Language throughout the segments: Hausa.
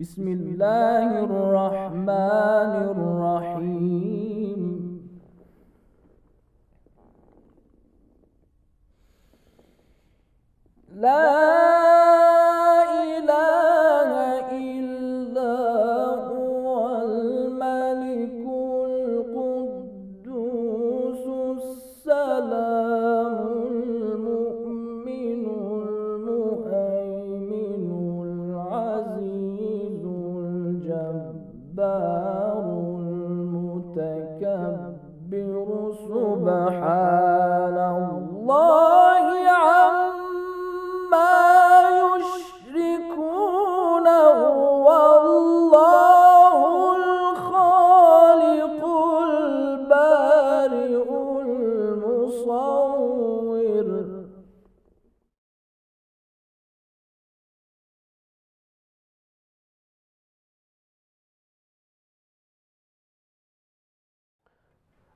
بسم الله الرحمن الرحيم لا أحباب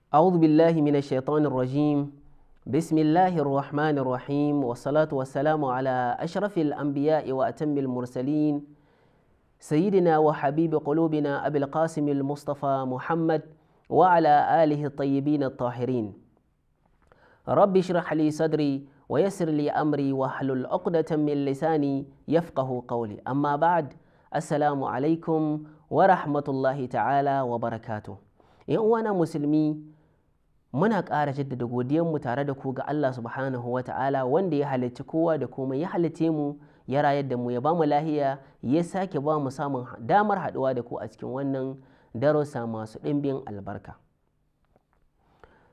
أعوذ بالله من الشيطان الرجيم بسم الله الرحمن الرحيم والصلاة والسلام على أشرف الأنبياء وأتم المرسلين سيدنا وحبيب قلوبنا أبي القاسم المصطفى محمد وعلى آله الطيبين الطاهرين رب اشرح لي صدري ويسر لي أمري واحلل عقدة من لساني يفقه قولي أما بعد السلام عليكم ورحمة الله تعالى وبركاته يا أنا مسلمي muna ƙara jaddada godiyanmu tare da ku ga Allah subhanahu wa ta'ala wanda ya halicci kowa da kuma ya halitte mu ya rayar da mu ya ba mu lahiya ya sake ba mu samun damar haɗuwa da ku a cikin wannan darussa masu ɗimbin albarka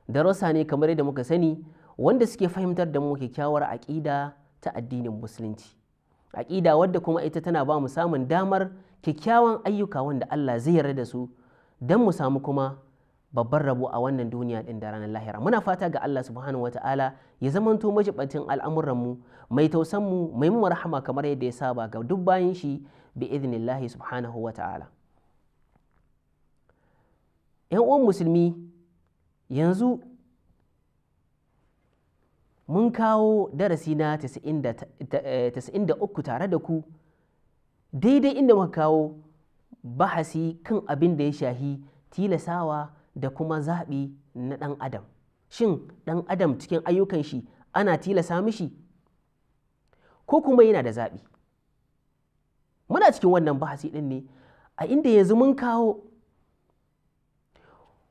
darussa ne kamar yadda muka sani wanda suke fahimtar da mu kyakkyawar aƙida ta addinin musulunci aƙida wadda kuma ita tana ba mu samun damar kyakkyawan ayyuka wanda Allah zai yarda da su don mu samu kuma babban rabo a wannan duniya din da ranar lahira muna fata ga Allah subhanahu wataala ya zamanto majibancin al'amuran mu mai tausan mu mai mu rahama kamar yadda ya saba ga duk bayan shi bi idnillahi subhanahu wataala yan uwan musulmi yanzu mun kawo darasi na 93 eh, tare da ku daidai inda muka kawo bahasi kan abin da ya shahi tilasawa da kuma zaɓi na ɗan adam shin ɗan adam cikin ayyukan shi ana tilasa mishi ko kuma yana da zaɓi muna cikin wannan bahasi ɗin ne a inda yanzu mun kawo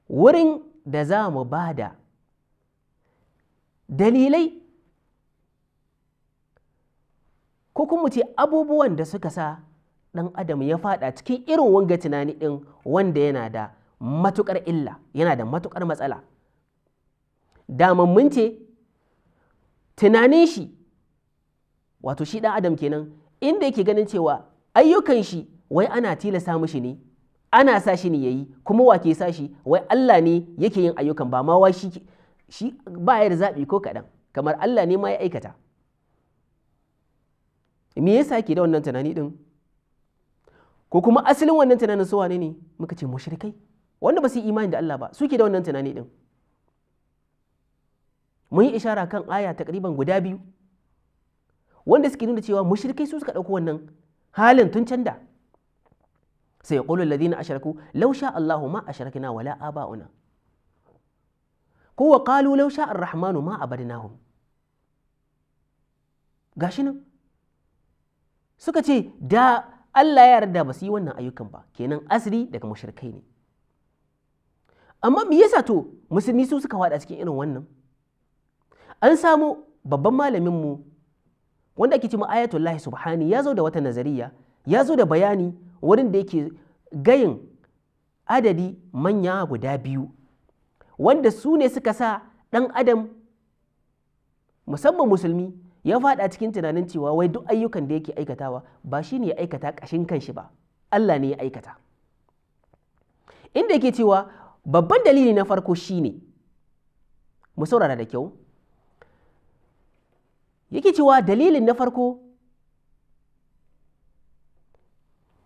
wurin da za mu ba da dalilai ko kuma ce abubuwan da suka sa ɗan adam ya faɗa cikin irin wanga tunani ɗin wanda yana da matukar illa yana da matukar matsala mun ce tunanin shi wato shi ɗan adam kenan inda yake ganin cewa ayyukan shi wai ana tilasa mishi ne ana sa shi ne yayi kuma wa ke sa shi wai Allah ne yake yin ayyukan ba ma wa shi shi ba ya da zaɓi ko kaɗan kamar Allah ne ma ya aikata me yasa ke da wannan tunani ɗin ko kuma asalin wannan tunanin su wane ne muka ce mushrikai wanda ba su yi imani da Allah ba suke da wannan tunani din mun yi ishara kan aya takriban guda biyu wanda suke nuna cewa mushrikai su suka ɗauko wannan halin tun can da sai yaqulu alladhina ashraku law sha Allahu ma ashrakna wala aba'una ko wa qalu law sha ar ma abadnahum gashi nan suka ce da Allah ya yarda ba su yi wannan ayyukan ba kenan asiri daga mushrikai ne amma me yasa to musulmi su suka fada cikin irin wannan an samu babban malaminmu wanda ake cewa ayatullahi subhani ya zo da wata nazariya ya zo da bayani wurin da yake gayin adadi manya guda biyu wanda su ne suka sa ɗan adam musamman musulmi ya fada cikin tunanin cewa wai duk ayyukan da yake aikatawa ba shi ne ya aikata ƙashin kanshi ba Allah ne ya aikata inda yake cewa babban dalili na farko shine mu saurara da kyau yake cewa dalilin na farko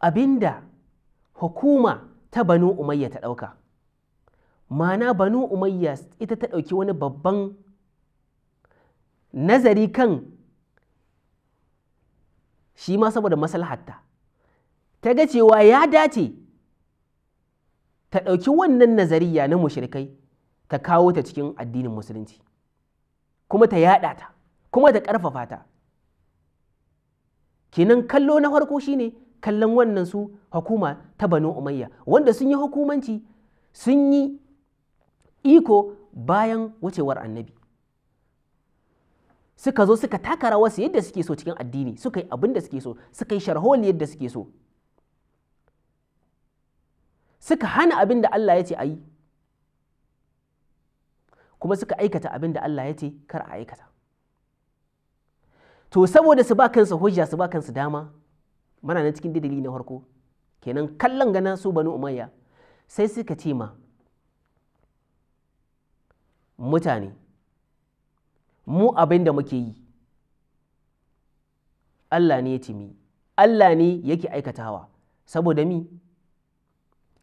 abinda hukuma ta banu umayya ta ɗauka mana banu umayya ita ta ɗauki wani babban nazari kan shi ma saboda maslahatta ta ga cewa ya dace ta ɗauki wannan nazariya na mushrikai ta kawo ta cikin addinin musulunci kuma ta yaɗa ta kuma ta ƙarfafa ta kenan kallo na farko shine kallon wannan su hukuma ta banu umayya wanda sun yi hukumanci sun yi iko bayan wucewar annabi suka zo suka taka wasu yadda suke so cikin addini suka yi abin da suke so suka yi sharholi yadda suke so suka hana abin da Allah ya ce a yi kuma suka aikata abin da Allah ya ce kar a aikata to saboda su ba kansu hujja su ba kansu dama mana na cikin didili na farko kenan kallon ganin su banu umayya sai suka ce ma mutane mu abin da muke yi Allah ne ya ce mi Allah ne yake aikatawa saboda mi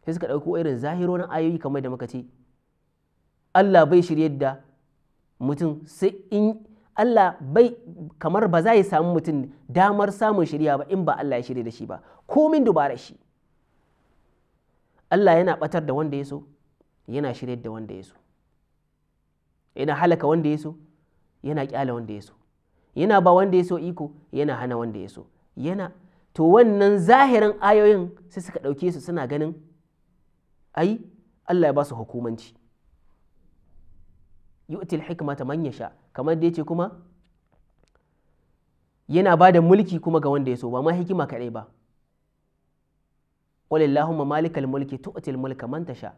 sai suka ɗauko irin zahiro na ayoyi kamar da muka ce Allah bai shirye da mutum sai in Allah bai kamar ba za ya samu mutum damar samun shirya ba in ba Allah ya shirya da shi ba komin dubara shi Allah yana batar da wanda ya so yana shirye da wanda ya so yana halaka wanda ya so yana kyala wanda ya so yana ba wanda ya so iko yana hana wanda ya so yana to wannan zahirin ayoyin sai suka ɗauke su suna ganin ai Allah ya ba su hukumanci yu'til ta man yasha kamar da yace kuma yana ba da mulki kuma ga wanda ya so ba ma hikima kaɗai ba qul allahumma malikal mulki tu'til mulka man tasha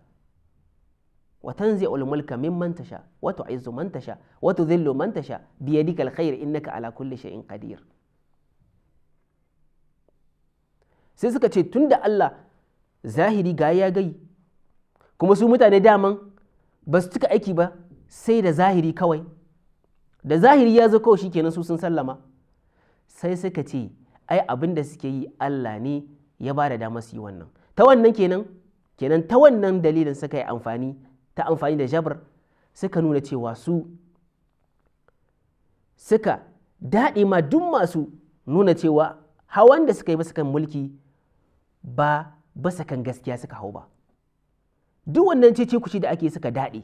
wa tanzi'ul mulka mimman tasha wa tu'izzu man tasha wa tudhillu man tasha bi khair innaka ala kulli shay'in qadir sai suka ce tunda Allah zahiri ga ya gai kuma su mutane daman ba su cika aiki ba sai da zahiri kawai da zahiri ya zo kawai shikenan su sun sallama sai suka ce ai abin da suke yi Allah ne ya ba da damar su yi wannan ta wannan kenan kenan ta wannan dalilin suka yi amfani ta amfani da jabar suka nuna cewa su suka daɗe ma duk masu nuna cewa hawan da suka yi su kan mulki ba su kan gaskiya suka hau ba duk wannan cece kushi da ake suka daɗe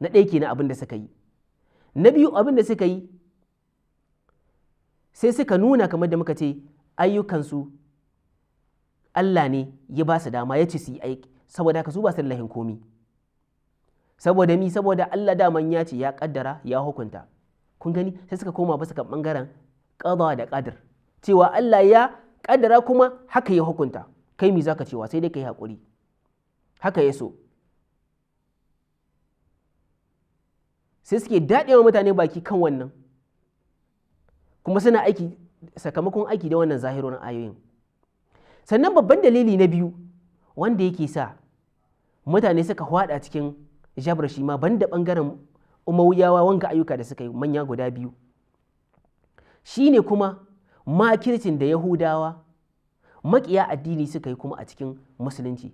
na ɗaya kenan abin da suka yi na biyu abin da suka yi sai suka nuna kamar da muka ce ayyukansu Allah ne ya ba su dama ya ce su yi aiki saboda ka su ba su lahin komi saboda mi saboda Allah daman ya ce ya kaddara ya hukunta kun gani sai suka koma ba ka bangaren qada da qadar cewa Allah ya kaddara kuma haka ya hukunta kai mi zaka cewa sai dai yi hakuri haka ya so sai suke daɗewa mutane baki kan wannan kuma suna aiki sakamakon aiki da wannan zahirar ayoyin sannan babban dalili na biyu wanda yake sa mutane suka hwada cikin jabar shi ma banda bangaren umawuyawa wanga ayyuka da suka yi manya guda biyu shine kuma makircin da yahudawa makiya addini suka yi kuma a cikin musulunci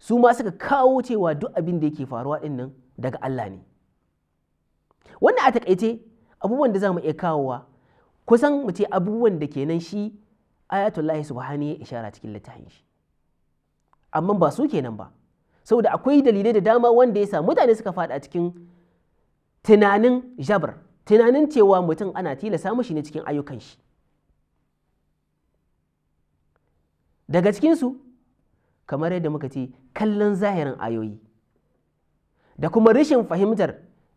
su ma suka kawo cewa duk abin da yake faruwa ɗin nan daga Allah ne wannan a takaice abubuwan da za mu iya kawowa kusan mu ce abubuwan da kenan shi ayatullahi subhanahu ya ishara cikin littafin shi amma ba su kenan ba saboda akwai dalilai da dama wanda ya sa mutane suka fada cikin tunanin jabr tunanin cewa mutum ana tilasa shi ne cikin ayyukan shi daga cikinsu kamar yadda muka ce kallon zahirin ayoyi da kuma rashin fahimtar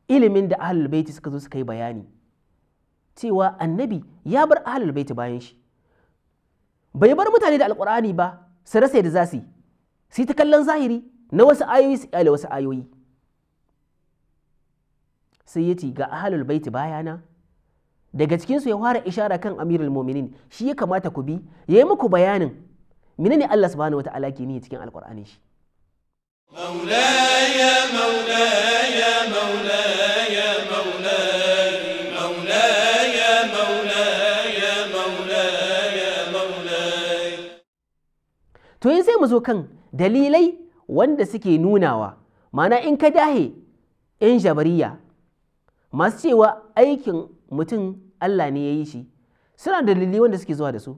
ilimin da ahlul baiti suka zo suka yi bayani cewa annabi ya bar ahlul baiti bayan shi bai bar mutane da alkur'ani ba su rasa da za su yi su ta kallon zahiri na wasu ayoyi su kyale wasu ayoyi sai ya ce ga ahlul baiti bayana daga cikinsu ya fara ishara kan amirul muminin shi ya kamata ku bi ya yi muku bayanin menene Allah subhanahu wata'ala ke ni cikin alkur'ani shi مولاي مولاي مولاي مولاي مولاي مولاي مولاي مولاي to yanzu sai mu zo kan dalilai wanda suke nunawa mana in ka dahe 'yan jabariya masu cewa aikin mutum Allah ne ya yi shi suna dalili dalilai wanda suke zuwa da su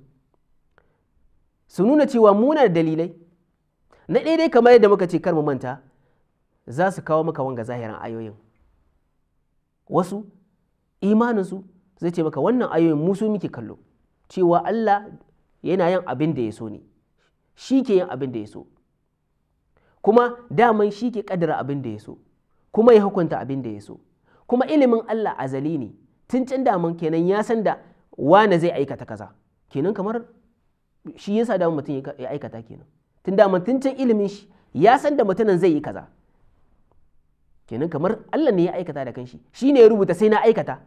su nuna cewa muna da dalilai na daidai kamar yadda muka ce kar mu manta za su kawo maka wanga zahirin ayoyin wasu imaninsu zai ce maka wannan ayoyin musu muke kallo cewa Allah yana yin abin da ya so ne shi ke yin abin da ya so kuma daman shi ke kaddara abin da ya so kuma ya hukunta abin da ya so kuma ilimin Allah azali ne tun can daman kenan ya san da wane zai aikata kaza kenan kamar shi yasa daman mutum ya aikata kenan tun da can ilimin shi ya san da mutumin zai yi kaza kenan kamar Allah ne ya aikata da kanshi shi ne ya rubuta sai na aikata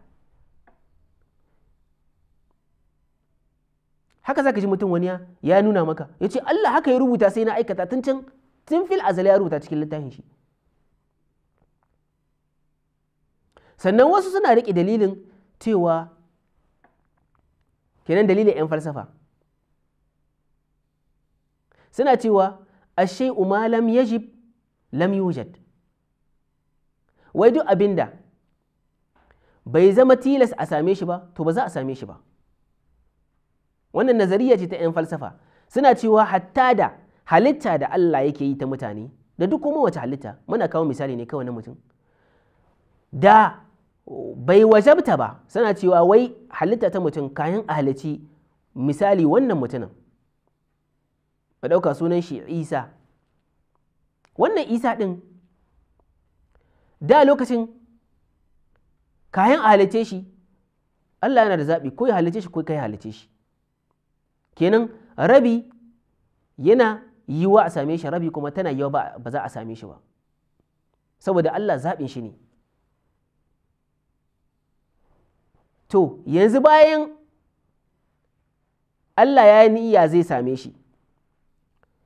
haka zaka ji mutum wani ya nuna maka ya ce Allah haka ya rubuta sai na aikata tun can tun fil azali ya rubuta cikin littafin shi sannan wasu suna riƙe dalilin cewa kenan dalilin 'yan falsafa suna cewa ashe Umalam yajib lam yujad wai duk abinda bai zama tilas a same shi ba to ba za a same shi ba wannan nazariya ce ta 'yan falsafa suna cewa hatta da halitta da Allah yake yi ta mutane da duk kuma wace halitta muna kawo misali ne kawai na mutum da bai wajabta ba suna cewa wai halitta ta mutum kayan a halici misali wannan mutumin a ɗauka sunan shi isa wannan isa ɗin da lokacin kayan a halice shi allah yana da zaɓi ko ya halice shi ko kai halice shi kenan rabi yana yiwa a same shi rabi kuma tana yiwa ba za a same shi ba saboda allah zaɓin shi ne to yanzu bayan allah ya yi niyya zai same shi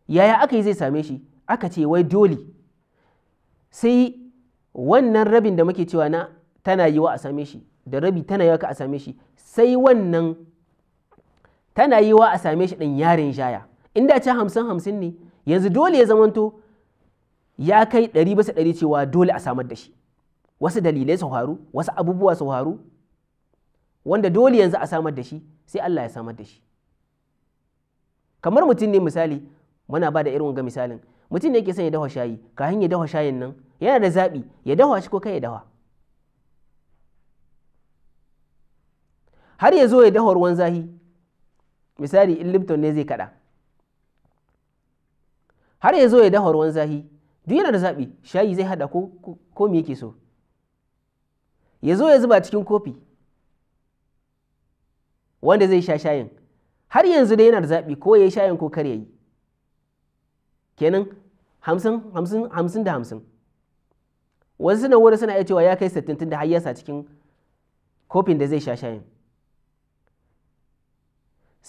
yaya aka yi zai same shi aka ce wai dole sai wannan rabin da muke cewa na tana yiwa a same shi da rabi tana yiwa ka a same shi sai wannan tana yiwa a same shi ɗin yarin jaya inda ce hamsin hamsin ne yanzu dole ya zamanto ya kai ɗari bisa ɗari cewa dole a samar da shi wasu dalilai su faru wasu abubuwa su faru wanda dole yanzu a samar da shi sai Allah ya samar da shi kamar mutum ne misali muna ba da irin ga misalin mutum ne yake son ya dafa shayi ka hanyar dafa shayin nan yana da zaɓi ya dafa shi ko kai ya dafa har ya zo ya dafa ruwan zahi misali in lipton ne zai kaɗa? har ya zo ya dafa ruwan zahi duk yana da zaɓi shayi zai hada ko, mu yake so ya zo ya zuba cikin kofi wanda zai sha shayin har yanzu dai yana da zaɓi ko ya yi shayin ko kar ya yi kenan hamsin hamsin hamsin da hamsin wasu suna wurin suna iya cewa ya kai sittin tun da hayyasa cikin kofin da zai sha shayin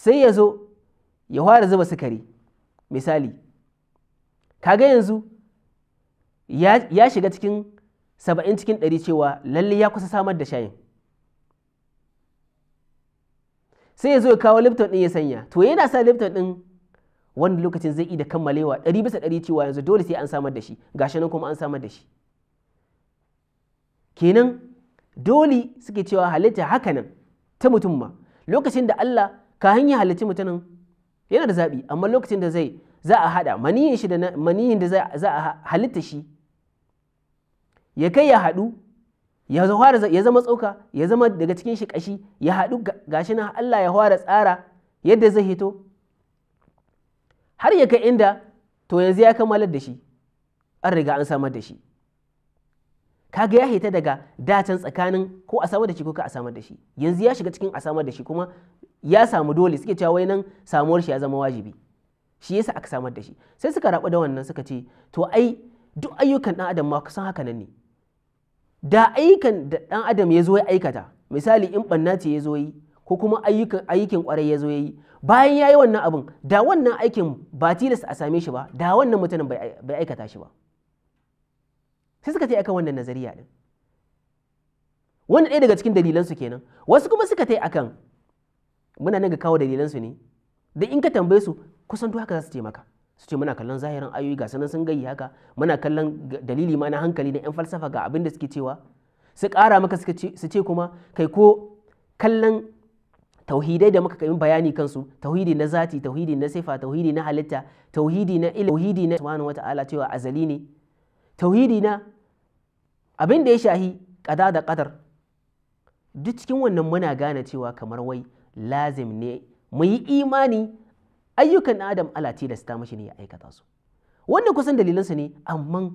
sai ya zo ya fara zuba sukari misali kaga yanzu ya shiga cikin saba'in cikin ɗari cewa lalle ya kusa samar da shayin sai ya zo ya kawo lifton ɗin ya sanya to yana sa lifton ɗin wanda lokacin zai da kammalewa ɗari bisa ɗari cewa yanzu dole sai an samar da shi gashi nan kuma an samar da shi kenan dole suke cewa halitta haka nan ta mutum ma lokacin da Allah ka hanyar halitta mutumin yana da zaɓi amma lokacin da zai za a haɗa maniyin shi da maniyin da za a halitta shi ya kai ya haɗu ya zama tsoka ya zama daga cikin shi ƙashi ya haɗu gashi nan Allah ya fara tsara yadda zai hito har ya kai inda to yanzu ya kammalar da shi an riga an samar da shi kaga ya hita daga dacen tsakanin ko a samar da shi ko ka a samar da shi yanzu ya shiga cikin a samar da shi kuma ya samu dole suke cewa wai nan samuwar shi ya zama wajibi shi yasa aka samar da shi sai suka rabu da wannan suka ce to ai duk ayyukan dan adam ma kusan haka nan ne da ayyukan da dan adam ya zo ya aikata misali in banna ce ya zo yi ko kuma ayyukan aikin kwarai ya zo ya yi bayan ya yi wannan abin da wannan aikin ba tilas a same shi ba da wannan mutumin bai aikata shi ba sai suka ta akan wannan nazariya din wannan ɗaya daga cikin dalilansu kenan wasu kuma suka ta akan muna nan ga kawo su ne da in ka tambaye su kusan duk haka za su ce maka su ce muna kallon zahirin ayoyi ga sanan sun gayi haka muna kallon dalili ma na hankali na 'yan falsafa ga abin da suke cewa su ƙara maka su ce kuma kai ko kallon tauhidai da muka kai bayani kansu tauhidi na zati tauhidi na sifa tauhidi na halitta tauhidi na ilmi tauhidi na subhanahu wata'ala cewa azali ne tauhidi na abin da ya shahi kada da qadar duk cikin wannan muna gane cewa kamar wai lazim ne mu yi imani ayyukan adam ala tilasta mashi ne ya aikata su wannan kusan dalilansa ne amma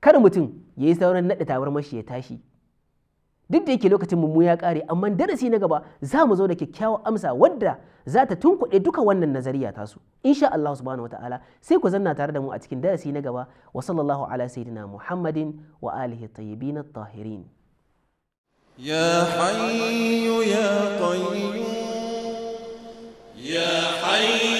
kar mutum ya yi sauran naɗa tawar mashi ya tashi duk da yake lokacin mu ya kare amma darasi na gaba za mu zo da kikkiawa amsa wadda za ta tunkuɗe duka wannan nazariya tasu insha Allah subhanahu wataala sai ku zanna tare da mu a cikin darasi na gaba wa sallallahu ala sayidina Muhammadin wa alihi tayyibin at-tahirin ya hayyu ya qayyum ya hayyu